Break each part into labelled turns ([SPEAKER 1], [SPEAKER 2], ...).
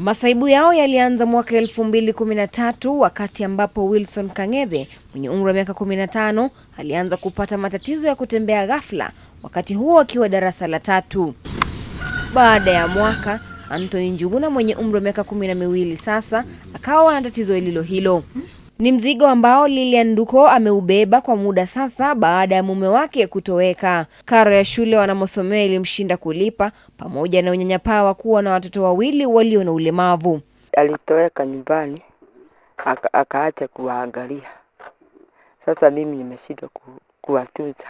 [SPEAKER 1] Masaibu yao yalianza mwaka elfu mbili kumi na tatu wakati ambapo Wilson Kang'ethe mwenye umri wa miaka 15 alianza kupata matatizo ya kutembea ghafla, wakati huo akiwa darasa la tatu. Baada ya mwaka, Anthony Njuguna mwenye umri wa miaka kumi na miwili sasa akawa na tatizo hilo hilo. Ni mzigo ambao Lilian Nduko ameubeba kwa muda sasa baada ya mume wake kutoweka. Karo ya shule wanamosomea ilimshinda kulipa, pamoja na unyanyapaa wa kuwa na watoto wawili walio na ulemavu.
[SPEAKER 2] Alitoweka nyumbani akaacha kuwaangalia. Sasa mimi nimeshindwa kuwatunza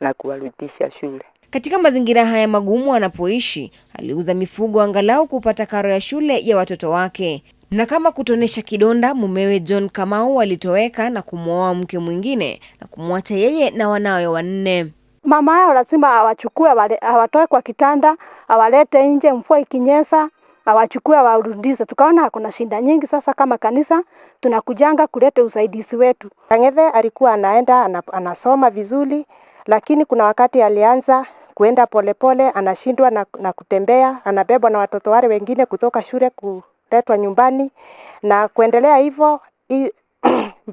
[SPEAKER 2] na kuwarudisha shule.
[SPEAKER 1] Katika mazingira haya magumu anapoishi, aliuza mifugo angalau kupata karo ya shule ya watoto wake. Na kama kutonesha kidonda, mumewe John Kamau alitoweka na kumwoa mke mwingine na kumwacha yeye na wanawe wanne.
[SPEAKER 3] Mama yao lazima awachukue, awatoe kwa kitanda, awalete nje, mvua ikinyesa awachukue awarudize. Tukaona hakuna shida nyingi. Sasa kama kanisa tunakujanga kulete usaidizi wetu. Kangethe alikuwa anaenda anasoma vizuri, lakini kuna wakati alianza kuenda polepole, anashindwa na, na kutembea, anabebwa na watoto wale wengine kutoka shule ku, kuletwa nyumbani na kuendelea hivyo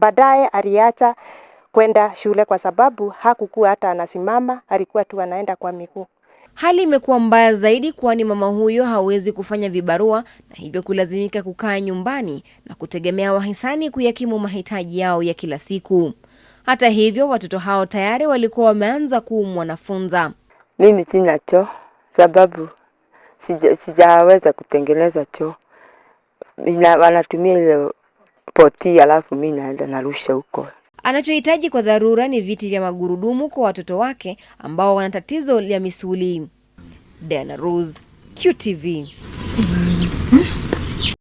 [SPEAKER 3] baadaye aliacha kwenda shule kwa sababu hakukuwa hata anasimama, alikuwa tu anaenda kwa miguu.
[SPEAKER 1] Hali imekuwa mbaya zaidi, kwani mama huyo hawezi kufanya vibarua na hivyo kulazimika kukaa nyumbani na kutegemea wahisani kuyakimu mahitaji yao ya kila siku. Hata hivyo, watoto hao tayari walikuwa wameanza kuumwa na funza.
[SPEAKER 2] Mimi sina choo sababu sijaweza kutengeneza choo wanatumia ile poti, alafu mi naenda narusha huko.
[SPEAKER 1] Anachohitaji kwa dharura ni viti vya magurudumu kwa watoto wake ambao wana tatizo la misuli. Diana Rose, QTV.